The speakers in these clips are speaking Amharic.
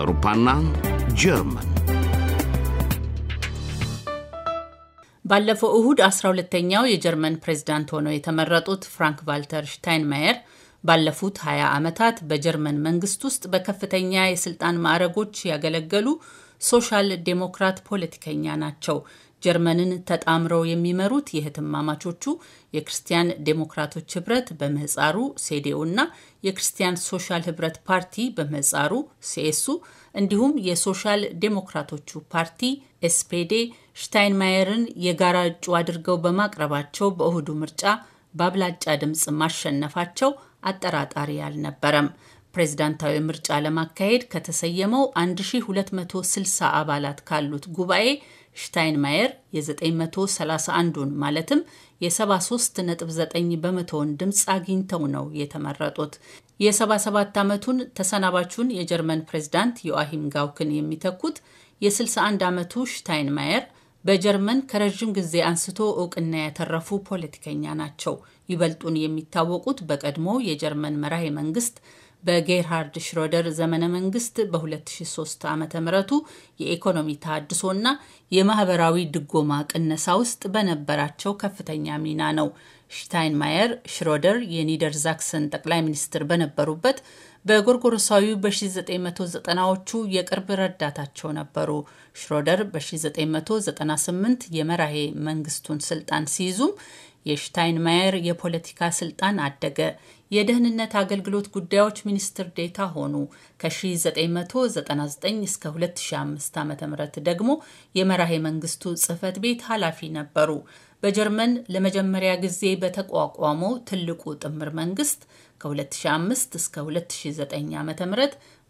አውሮፓና ጀርመን ባለፈው እሁድ 12ተኛው የጀርመን ፕሬዝዳንት ሆነው የተመረጡት ፍራንክ ቫልተር ሽታይንማየር ባለፉት 20 ዓመታት በጀርመን መንግስት ውስጥ በከፍተኛ የስልጣን ማዕረጎች ያገለገሉ ሶሻል ዴሞክራት ፖለቲከኛ ናቸው። ጀርመንን ተጣምረው የሚመሩት የህትማማቾቹ የክርስቲያን ዴሞክራቶች ህብረት በምህፃሩ ሴዴኡ እና የክርስቲያን ሶሻል ህብረት ፓርቲ በምህፃሩ ሲኤሱ እንዲሁም የሶሻል ዴሞክራቶቹ ፓርቲ ኤስፔዴ ሽታይንማየርን የጋራ እጩ አድርገው በማቅረባቸው በእሁዱ ምርጫ በአብላጫ ድምፅ ማሸነፋቸው አጠራጣሪ አልነበረም። ፕሬዝዳንታዊ ምርጫ ለማካሄድ ከተሰየመው 1260 አባላት ካሉት ጉባኤ ሽታይንማየር የ 931 ን ማለትም የ73.9 በመቶውን ድምፅ አግኝተው ነው የተመረጡት። የ77 ዓመቱን ተሰናባቹን የጀርመን ፕሬዝዳንት ዮአሂም ጋውክን የሚተኩት የ61 ዓመቱ ሽታይንማየር በጀርመን ከረዥም ጊዜ አንስቶ እውቅና ያተረፉ ፖለቲከኛ ናቸው። ይበልጡን የሚታወቁት በቀድሞ የጀርመን መራሄ መንግስት በጌርሃርድ ሽሮደር ዘመነ መንግስት በ2003 ዓ ምቱ የኢኮኖሚ ታድሶና የማህበራዊ ድጎማ ቅነሳ ውስጥ በነበራቸው ከፍተኛ ሚና ነው። ሽታይንማየር ሽሮደር የኒደር ዛክሰን ጠቅላይ ሚኒስትር በነበሩበት በጎርጎሮሳዊ በ1990ዎቹ የቅርብ ረዳታቸው ነበሩ። ሽሮደር በ1998 የመራሄ መንግስቱን ስልጣን ሲይዙም የሽታይንማየር የፖለቲካ ስልጣን አደገ። የደህንነት አገልግሎት ጉዳዮች ሚኒስትር ዴታ ሆኑ። ከ1999 እስከ 2005 ዓ.ም ደግሞ የመራሄ መንግስቱ ጽህፈት ቤት ኃላፊ ነበሩ። በጀርመን ለመጀመሪያ ጊዜ በተቋቋመው ትልቁ ጥምር መንግስት ከ2005 እስከ 2009 ዓ ም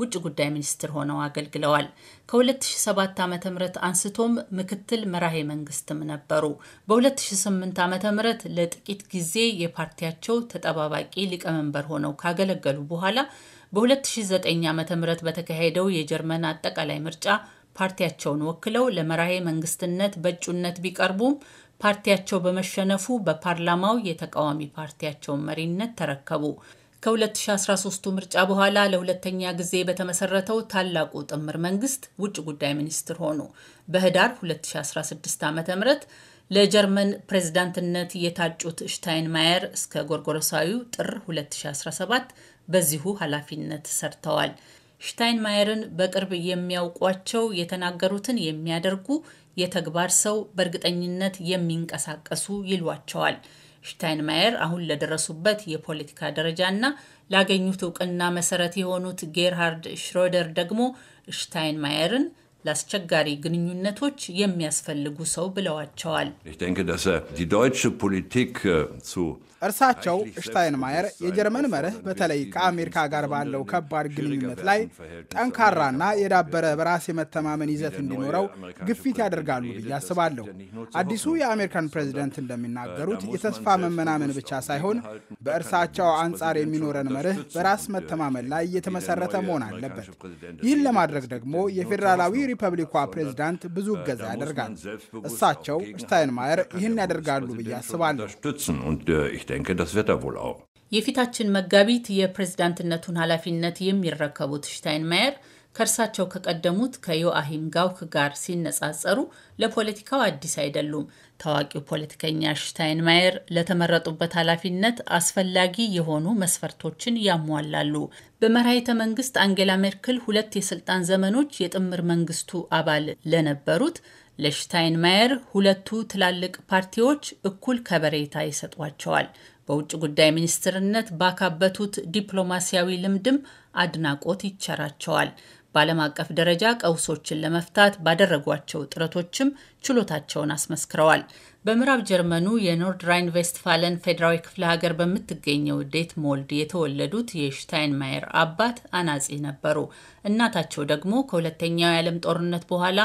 ውጭ ጉዳይ ሚኒስትር ሆነው አገልግለዋል። ከ2007 ዓ ም አንስቶም ምክትል መራሄ መንግስትም ነበሩ። በ2008 ዓ ም ለጥቂት ጊዜ የፓርቲያቸው ተጠባባቂ ሊቀመንበር ሆነው ካገለገሉ በኋላ በ2009 ዓ ም በተካሄደው የጀርመን አጠቃላይ ምርጫ ፓርቲያቸውን ወክለው ለመራሄ መንግስትነት በእጩነት ቢቀርቡም ፓርቲያቸው በመሸነፉ በፓርላማው የተቃዋሚ ፓርቲያቸውን መሪነት ተረከቡ። ከ2013ቱ ምርጫ በኋላ ለሁለተኛ ጊዜ በተመሰረተው ታላቁ ጥምር መንግስት ውጭ ጉዳይ ሚኒስትር ሆኑ። በህዳር 2016 ዓ ም ለጀርመን ፕሬዝዳንትነት የታጩት ሽታይንማየር እስከ ጎርጎሮሳዊው ጥር 2017 በዚሁ ኃላፊነት ሰርተዋል። ሽታይንማየርን በቅርብ የሚያውቋቸው የተናገሩትን የሚያደርጉ የተግባር ሰው በእርግጠኝነት የሚንቀሳቀሱ ይሏቸዋል። ሽታይንማየር አሁን ለደረሱበት የፖለቲካ ደረጃና ላገኙት እውቅና መሰረት የሆኑት ጌርሃርድ ሽሮደር ደግሞ ሽታይንማየርን ለአስቸጋሪ ግንኙነቶች የሚያስፈልጉ ሰው ብለዋቸዋል። እርሳቸው ሽታይንማየር የጀርመን መርህ በተለይ ከአሜሪካ ጋር ባለው ከባድ ግንኙነት ላይ ጠንካራና የዳበረ uh, በራስ የመተማመን ይዘት እንዲኖረው ግፊት ያደርጋሉ ብዬ አስባለሁ። አዲሱ የአሜሪካን ፕሬዚደንት እንደሚናገሩት የተስፋ መመናመን ብቻ ሳይሆን በእርሳቸው አንጻር የሚኖረን መርህ በራስ መተማመን ላይ የተመሰረተ መሆን አለበት። ይህን ለማድረግ ደግሞ የፌዴራላዊ ሪፐብሊኳ ፕሬዚዳንት ብዙ እገዛ ያደርጋል። እሳቸው ሽታይንማየር ይህን ያደርጋሉ ብዬ አስባለሁ። denke, das wird er wohl auch. የፊታችን መጋቢት የፕሬዝዳንትነቱን ኃላፊነት የሚረከቡት ሽታይንማየር ከእርሳቸው ከቀደሙት ከዮአሂም ጋውክ ጋር ሲነጻጸሩ ለፖለቲካው አዲስ አይደሉም። ታዋቂው ፖለቲከኛ ሽታይንማየር ለተመረጡበት ኃላፊነት አስፈላጊ የሆኑ መስፈርቶችን ያሟላሉ። በመራሒተ መንግስት አንጌላ ሜርክል ሁለት የስልጣን ዘመኖች የጥምር መንግስቱ አባል ለነበሩት ለሽታይንማየር ሁለቱ ትላልቅ ፓርቲዎች እኩል ከበሬታ ይሰጧቸዋል። በውጭ ጉዳይ ሚኒስትርነት ባካበቱት ዲፕሎማሲያዊ ልምድም አድናቆት ይቸራቸዋል። በዓለም አቀፍ ደረጃ ቀውሶችን ለመፍታት ባደረጓቸው ጥረቶችም ችሎታቸውን አስመስክረዋል። በምዕራብ ጀርመኑ የኖርድ ራይን ቬስትፋለን ፌዴራዊ ክፍለ ሀገር በምትገኘው ዴት ሞልድ የተወለዱት የሽታይንማየር አባት አናጺ ነበሩ። እናታቸው ደግሞ ከሁለተኛው የዓለም ጦርነት በኋላ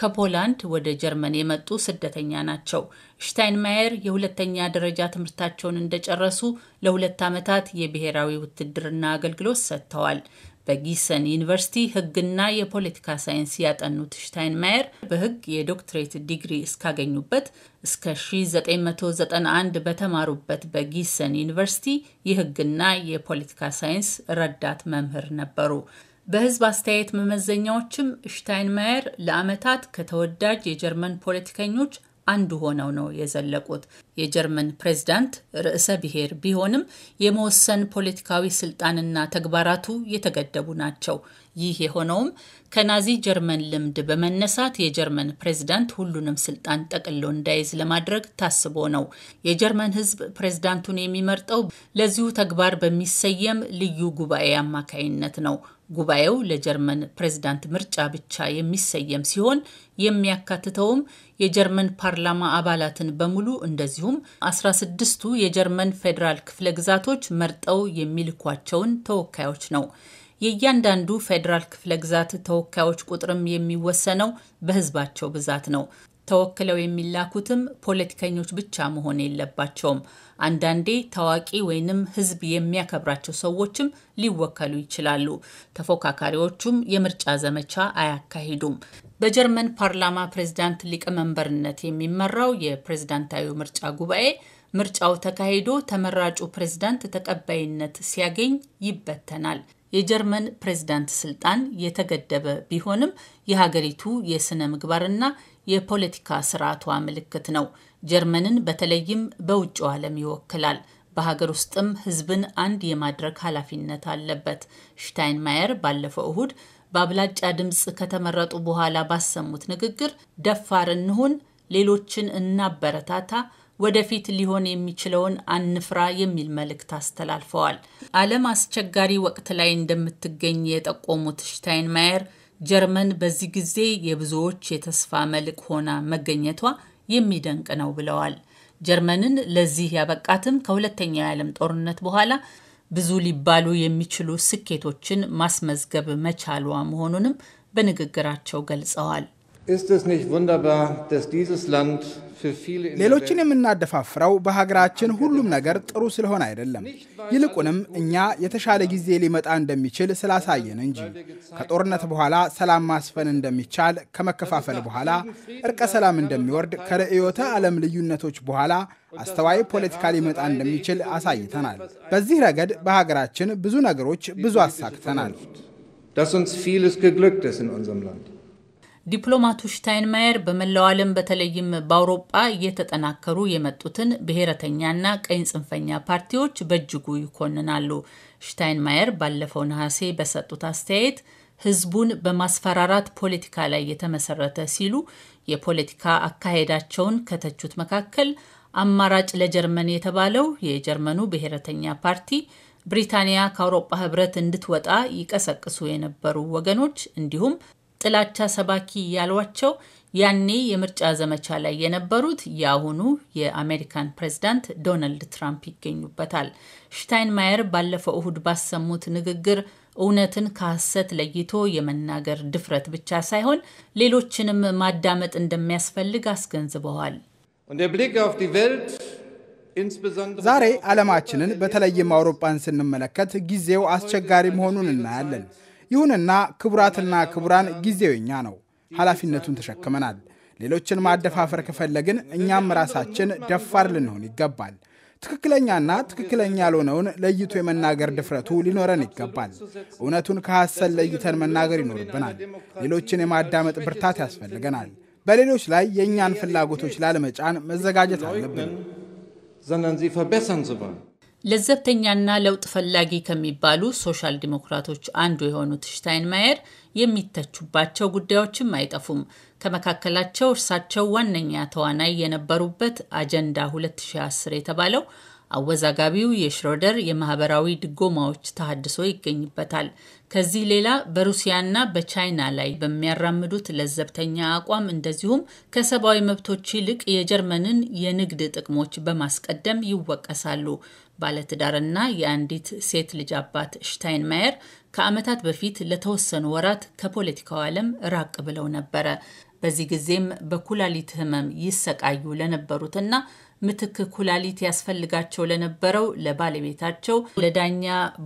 ከፖላንድ ወደ ጀርመን የመጡ ስደተኛ ናቸው። ሽታይንማየር የሁለተኛ ደረጃ ትምህርታቸውን እንደጨረሱ ለሁለት ዓመታት የብሔራዊ ውትድርና አገልግሎት ሰጥተዋል። በጊሰን ዩኒቨርሲቲ ሕግና የፖለቲካ ሳይንስ ያጠኑት ሽታይንማየር በሕግ የዶክትሬት ዲግሪ እስካገኙበት እስከ 1991 በተማሩበት በጊሰን ዩኒቨርሲቲ የሕግና የፖለቲካ ሳይንስ ረዳት መምህር ነበሩ። በህዝብ አስተያየት መመዘኛዎችም ሽታይንማየር ለአመታት ከተወዳጅ የጀርመን ፖለቲከኞች አንዱ ሆነው ነው የዘለቁት። የጀርመን ፕሬዝዳንት ርዕሰ ብሔር ቢሆንም የመወሰን ፖለቲካዊ ስልጣንና ተግባራቱ የተገደቡ ናቸው። ይህ የሆነውም ከናዚ ጀርመን ልምድ በመነሳት የጀርመን ፕሬዝዳንት ሁሉንም ስልጣን ጠቅሎ እንዳይዝ ለማድረግ ታስቦ ነው። የጀርመን ህዝብ ፕሬዝዳንቱን የሚመርጠው ለዚሁ ተግባር በሚሰየም ልዩ ጉባኤ አማካይነት ነው። ጉባኤው ለጀርመን ፕሬዝዳንት ምርጫ ብቻ የሚሰየም ሲሆን የሚያካትተውም የጀርመን ፓርላማ አባላትን በሙሉ እንደዚሁም አስራ ስድስቱ የጀርመን ፌዴራል ክፍለ ግዛቶች መርጠው የሚልኳቸውን ተወካዮች ነው። የእያንዳንዱ ፌዴራል ክፍለ ግዛት ተወካዮች ቁጥርም የሚወሰነው በህዝባቸው ብዛት ነው። ተወክለው የሚላኩትም ፖለቲከኞች ብቻ መሆን የለባቸውም። አንዳንዴ ታዋቂ ወይንም ህዝብ የሚያከብራቸው ሰዎችም ሊወከሉ ይችላሉ። ተፎካካሪዎቹም የምርጫ ዘመቻ አያካሂዱም። በጀርመን ፓርላማ ፕሬዝዳንት ሊቀመንበርነት የሚመራው የፕሬዝዳንታዊ ምርጫ ጉባኤ ምርጫው ተካሂዶ ተመራጩ ፕሬዝዳንት ተቀባይነት ሲያገኝ ይበተናል። የጀርመን ፕሬዝዳንት ስልጣን የተገደበ ቢሆንም የሀገሪቱ የስነ ምግባርና የፖለቲካ ስርዓቷ ምልክት ነው። ጀርመንን በተለይም በውጭው ዓለም ይወክላል። በሀገር ውስጥም ህዝብን አንድ የማድረግ ኃላፊነት አለበት። ሽታይንማየር ባለፈው እሁድ በአብላጫ ድምፅ ከተመረጡ በኋላ ባሰሙት ንግግር ደፋር እንሁን፣ ሌሎችን እናበረታታ፣ ወደፊት ሊሆን የሚችለውን አንፍራ የሚል መልእክት አስተላልፈዋል። ዓለም አስቸጋሪ ወቅት ላይ እንደምትገኝ የጠቆሙት ሽታይንማየር ጀርመን በዚህ ጊዜ የብዙዎች የተስፋ መልክ ሆና መገኘቷ የሚደንቅ ነው ብለዋል። ጀርመንን ለዚህ ያበቃትም ከሁለተኛው የዓለም ጦርነት በኋላ ብዙ ሊባሉ የሚችሉ ስኬቶችን ማስመዝገብ መቻሏ መሆኑንም በንግግራቸው ገልጸዋል። ሌሎችን የምናደፋፍረው በሀገራችን ሁሉም ነገር ጥሩ ስለሆነ አይደለም፣ ይልቁንም እኛ የተሻለ ጊዜ ሊመጣ እንደሚችል ስላሳየን እንጂ። ከጦርነት በኋላ ሰላም ማስፈን እንደሚቻል፣ ከመከፋፈል በኋላ እርቀ ሰላም እንደሚወርድ፣ ከርዕዮተ ዓለም ልዩነቶች በኋላ አስተዋይ ፖለቲካ ሊመጣ እንደሚችል አሳይተናል። በዚህ ረገድ በሀገራችን ብዙ ነገሮች ብዙ አሳክተናል። ዲፕሎማቱ ሽታይንማየር በመላው ዓለም በተለይም በአውሮጳ እየተጠናከሩ የመጡትን ብሔረተኛና ቀኝ ጽንፈኛ ፓርቲዎች በእጅጉ ይኮንናሉ። ሽታይንማየር ባለፈው ነሐሴ በሰጡት አስተያየት ሕዝቡን በማስፈራራት ፖለቲካ ላይ የተመሰረተ ሲሉ የፖለቲካ አካሄዳቸውን ከተቹት መካከል አማራጭ ለጀርመን የተባለው የጀርመኑ ብሔረተኛ ፓርቲ ብሪታንያ ከአውሮፓ ህብረት እንድትወጣ ይቀሰቅሱ የነበሩ ወገኖች እንዲሁም ጥላቻ ሰባኪ ያሏቸው ያኔ የምርጫ ዘመቻ ላይ የነበሩት የአሁኑ የአሜሪካን ፕሬዝዳንት ዶናልድ ትራምፕ ይገኙበታል። ሽታይንማየር ባለፈው እሁድ ባሰሙት ንግግር እውነትን ከሐሰት ለይቶ የመናገር ድፍረት ብቻ ሳይሆን ሌሎችንም ማዳመጥ እንደሚያስፈልግ አስገንዝበዋል። ዛሬ ዓለማችንን በተለይም አውሮፓን ስንመለከት ጊዜው አስቸጋሪ መሆኑን እናያለን። ይሁንና ክቡራትና ክቡራን ጊዜው ነው። ኃላፊነቱን ተሸክመናል። ሌሎችን ማደፋፈር ከፈለግን እኛም ራሳችን ደፋር ልንሆን ይገባል። ትክክለኛና ትክክለኛ ያልሆነውን ለይቶ የመናገር ድፍረቱ ሊኖረን ይገባል። እውነቱን ከሐሰት ለይተን መናገር ይኖርብናል። ሌሎችን የማዳመጥ ብርታት ያስፈልገናል። በሌሎች ላይ የእኛን ፍላጎቶች ላለመጫን መዘጋጀት አለብን። ለዘብተኛና ለውጥ ፈላጊ ከሚባሉ ሶሻል ዲሞክራቶች አንዱ የሆኑት ሽታይንማየር የሚተቹባቸው ጉዳዮችም አይጠፉም። ከመካከላቸው እርሳቸው ዋነኛ ተዋናይ የነበሩበት አጀንዳ 2010 የተባለው አወዛጋቢው የሽሮደር የማህበራዊ ድጎማዎች ተሃድሶ ይገኝበታል። ከዚህ ሌላ በሩሲያና በቻይና ላይ በሚያራምዱት ለዘብተኛ አቋም እንደዚሁም ከሰብአዊ መብቶች ይልቅ የጀርመንን የንግድ ጥቅሞች በማስቀደም ይወቀሳሉ። ባለትዳርና የአንዲት ሴት ልጅ አባት ሽታይንማየር ከዓመታት በፊት ለተወሰኑ ወራት ከፖለቲካው ዓለም ራቅ ብለው ነበረ። በዚህ ጊዜም በኩላሊት ህመም ይሰቃዩ ለነበሩትና ምትክ ኩላሊት ያስፈልጋቸው ለነበረው ለባለቤታቸው ለዳኛ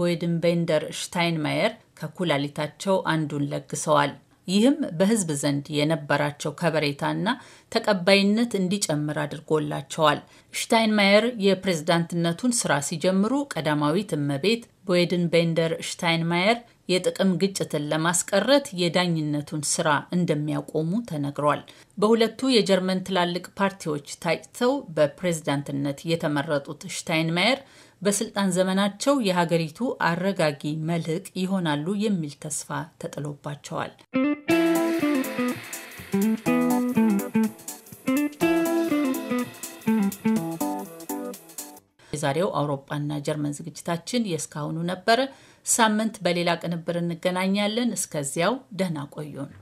ቦይድን ቤንደር ሽታይንማየር ከኩላሊታቸው አንዱን ለግሰዋል። ይህም በህዝብ ዘንድ የነበራቸው ከበሬታና ተቀባይነት እንዲጨምር አድርጎላቸዋል። ሽታይንማየር የፕሬዝዳንትነቱን ስራ ሲጀምሩ ቀዳማዊት እመቤት ቦይድን ቤንደር ሽታይንማየር የጥቅም ግጭትን ለማስቀረት የዳኝነቱን ስራ እንደሚያቆሙ ተነግሯል። በሁለቱ የጀርመን ትላልቅ ፓርቲዎች ታጭተው በፕሬዝዳንትነት የተመረጡት ሽታይንማየር በስልጣን ዘመናቸው የሀገሪቱ አረጋጊ መልህቅ ይሆናሉ የሚል ተስፋ ተጥሎባቸዋል። የዛሬው አውሮፓና ጀርመን ዝግጅታችን የእስካሁኑ ነበር። ሳምንት በሌላ ቅንብር እንገናኛለን። እስከዚያው ደህና ቆዩን።